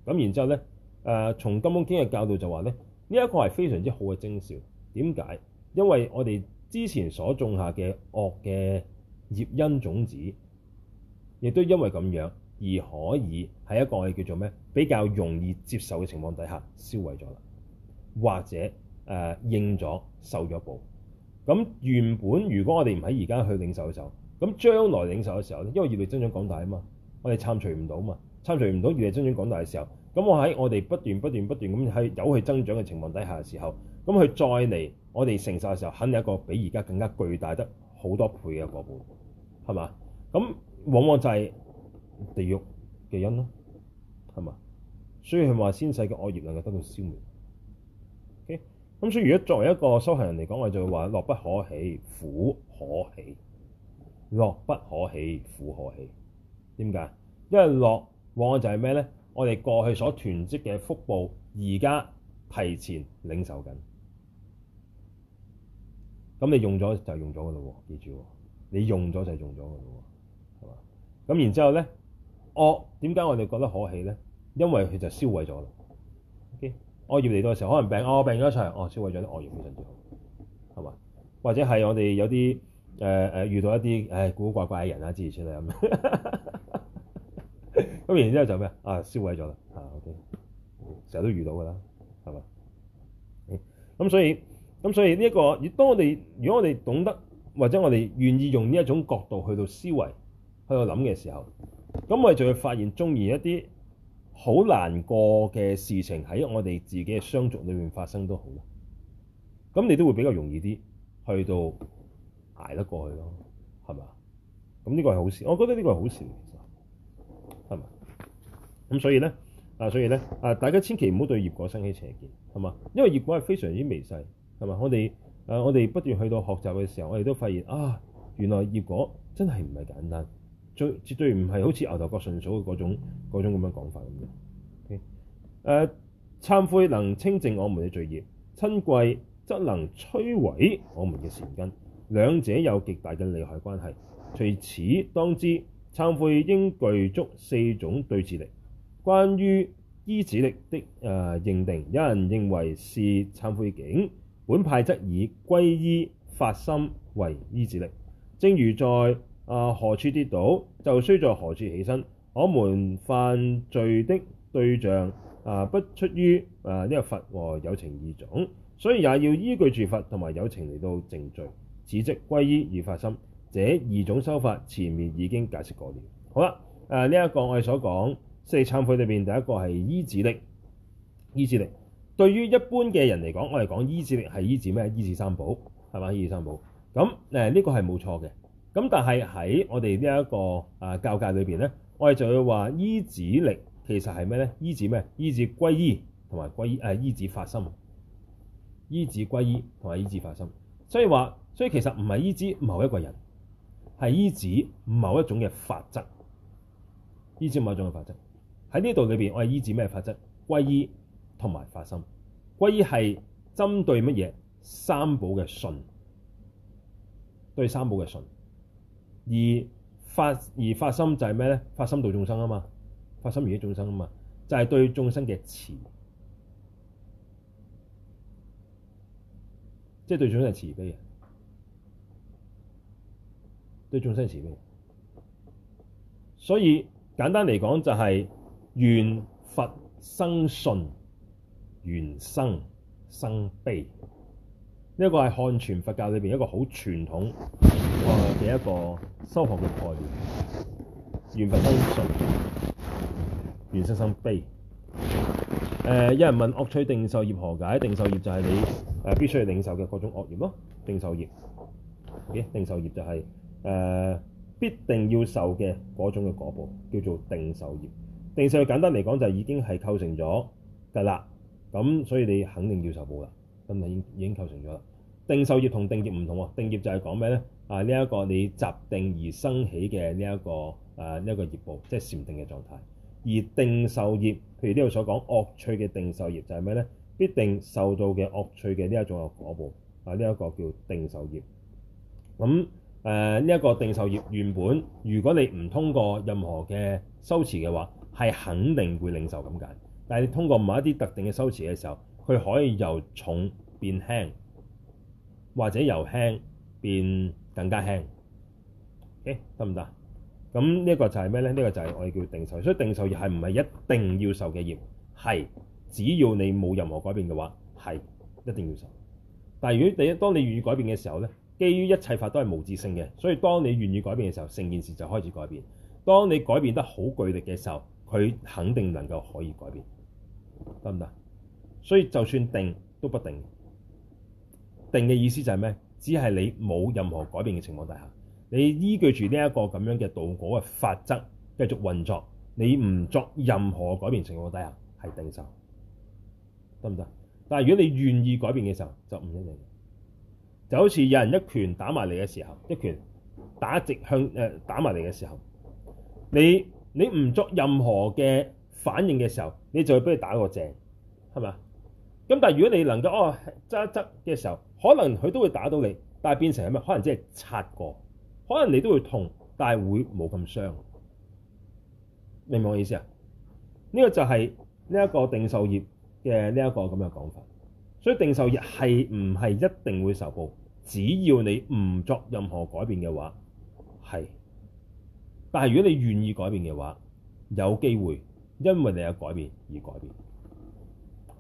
咁然之後咧，誒從《金剛經》嘅教導就話咧，呢一個係非常之好嘅徵兆。點解？因為我哋之前所種下嘅惡嘅業因種子。亦都因為咁樣而可以喺一個嘅叫做咩比較容易接受嘅情況底下消毀咗啦，或者誒應咗受咗報。咁原本如果我哋唔喺而家去領受嘅時候，咁將來領受嘅時候因為業力增長廣大啊嘛，我哋懺除唔到啊嘛，懺除唔到業力增長廣大嘅時候，咁我喺我哋不斷不斷不斷咁喺有去增長嘅情況底下嘅時候，咁佢再嚟我哋承受嘅時候，肯定一個比而家更加巨大得好多倍嘅果報，係嘛？咁。往往就係地獄嘅因咯，係嘛？所以佢話先世嘅惡業能夠得到消滅。咁、okay? 所以如果作為一個修行人嚟講，我就會話樂不可喜，苦可喜。樂不可喜，苦可喜。點解？因為樂往往就係咩咧？我哋過去所囤積嘅福報，而家提前領受緊。咁你用咗就用咗噶咯喎，記住。你用咗就係用咗噶咯喎。咁然之後咧，惡，我點解我哋覺得可喜咧？因為佢就消毀咗啦。我、OK? 業嚟到嘅時候，可能病哦，我病咗一場哦，消毀咗啲惡業，非常之好，係嘛？或者係我哋有啲、呃、遇到一啲誒古古怪怪嘅人啦，之持出嚟咁。咁 然之後就咩啊？消毀咗啦，o k 成日都遇到噶啦，係嘛？咁所以咁所以呢、這、一個，當我哋如果我哋懂得或者我哋願意用呢一種角度去到思維。去度諗嘅時候，咁我哋就會發現，鍾意一啲好難過嘅事情喺我哋自己嘅相續裏面發生都好，咁你都會比較容易啲去到捱得過去咯，係咪啊？咁呢個係好事，我覺得呢個係好事，其實係咪？咁所以咧，啊，所以咧，啊，大家千祈唔好對業果生起邪見，係嘛？因為業果係非常之微細，係咪？我哋啊，我哋不斷去到學習嘅時候，我哋都發現啊，原來業果真係唔係簡單。最絕對唔係好似牛頭角純數嘅嗰種咁樣講法咁樣。誒，懺悔能清淨我們嘅罪業，瞋恚則能摧毀我們嘅善根，兩者有極大嘅利害關係。除此當知，懺悔應具足四種對治力。關於依止力的誒、uh, 認定，有人認為是懺悔境，本派則以皈依發心為依止力，正如在。啊，何處跌倒就需在何處起身。我們犯罪的對象啊，不出於啊呢個佛和有情二種，所以也要依據住佛同埋有情嚟到淨罪。此即皈依而發心。這二種修法前面已經解釋過了。好啦，誒呢一個我哋所講四懺悔裏面第一個係依止力。依止力對於一般嘅人嚟講，我哋講依止力係依止咩？依止三寶係咪？是吧，依止三寶咁，誒，呢個係冇錯嘅。咁但係喺我哋呢一個啊教界裏邊咧，我哋就會話依止力其實係咩咧？依止咩？依止皈依同埋皈依，誒依止發心，依止皈依同埋依止發心？所以話，所以其實唔係依止某一個人，係依止某一種嘅法則，依止某一種嘅法則。喺呢度裏邊，我係依止咩法則？皈依同埋發心。皈依係針對乜嘢？三寶嘅信，對三寶嘅信。而發而發心就係咩咧？發心度眾生啊嘛，發心利益眾生啊嘛，就係對眾生嘅慈，即係對眾生慈悲啊！對眾生慈悲。所以簡單嚟講就係願、佛、生、信、願、生、生悲。呢一個係漢傳佛教裏邊一個好傳統。嘅一個修學嘅概念，緣不生順，緣生生悲。誒、呃，有人問惡趣定受業何解？定受業就係你誒必須要領受嘅各種惡業咯。定受業嘅、欸、定受業就係、是、誒、呃、必定要受嘅嗰種嘅果報，叫做定受業。定受業簡單嚟講就是已經係構成咗㗎啦。咁所以你肯定要受報啦，真你已已經構成咗啦。定受業同定業唔同喎，定業就係講咩咧？啊！呢、這、一個你集定而生起嘅呢一個誒呢一個業報，即係禪定嘅狀態。而定受業，譬如呢度所講惡趣嘅定受業就係咩呢？必定受到嘅惡趣嘅呢一種果報。啊！呢、這、一個叫定受業。咁誒呢一個定受業原本，如果你唔通過任何嘅修持嘅話，係肯定會領受咁解。但係你通過某一啲特定嘅修持嘅時候，佢可以由重變輕，或者由輕變。更加輕，OK 得唔得？咁呢個就係咩呢？呢個就係我哋叫定受。所以定受業係唔係一定要受嘅業？係，只要你冇任何改變嘅話，係一定要受。但係如果第一，當你願意改變嘅時候呢，基於一切法都係無自性嘅，所以當你願意改變嘅時候，成件事就開始改變。當你改變得好巨力嘅時候，佢肯定能夠可以改變，得唔得？所以就算定都不定，定嘅意思就係咩？只係你冇任何改變嘅情況底下，你依據住呢一個咁樣嘅道果嘅法則繼續運作，你唔作任何改變情況底下係定受，得唔得？但係如果你願意改變嘅時候，就唔一定。就好似有人一拳打埋你嘅時候，一拳打直向，誒、呃、打埋嚟嘅時候，你你唔作任何嘅反應嘅時候，你就會俾佢打個正，係咪啊？咁但係如果你能夠哦側一側嘅時候，可能佢都會打到你，但係變成係咩？可能即係擦過，可能你都會痛，但係會冇咁傷，明唔明我意思啊？呢、這個就係呢一個定受業嘅呢一個咁嘅講法。所以定受業係唔係一定會受報？只要你唔作任何改變嘅話，係。但係如果你願意改變嘅話，有機會，因為你有改變而改變。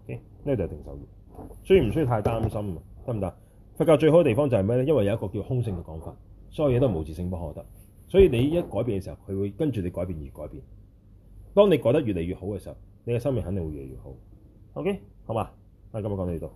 呢個就係定受業，所以唔需要太擔心。得唔得？佛教最好嘅地方就係咩咧？因為有一個叫空性嘅講法，所有嘢都係無自性，不可得。所以你一改變嘅時候，佢會跟住你改變而改變。當你改得越嚟越好嘅時候，你嘅生命肯定會越嚟越好。OK，好嘛？我哋今日講到呢度。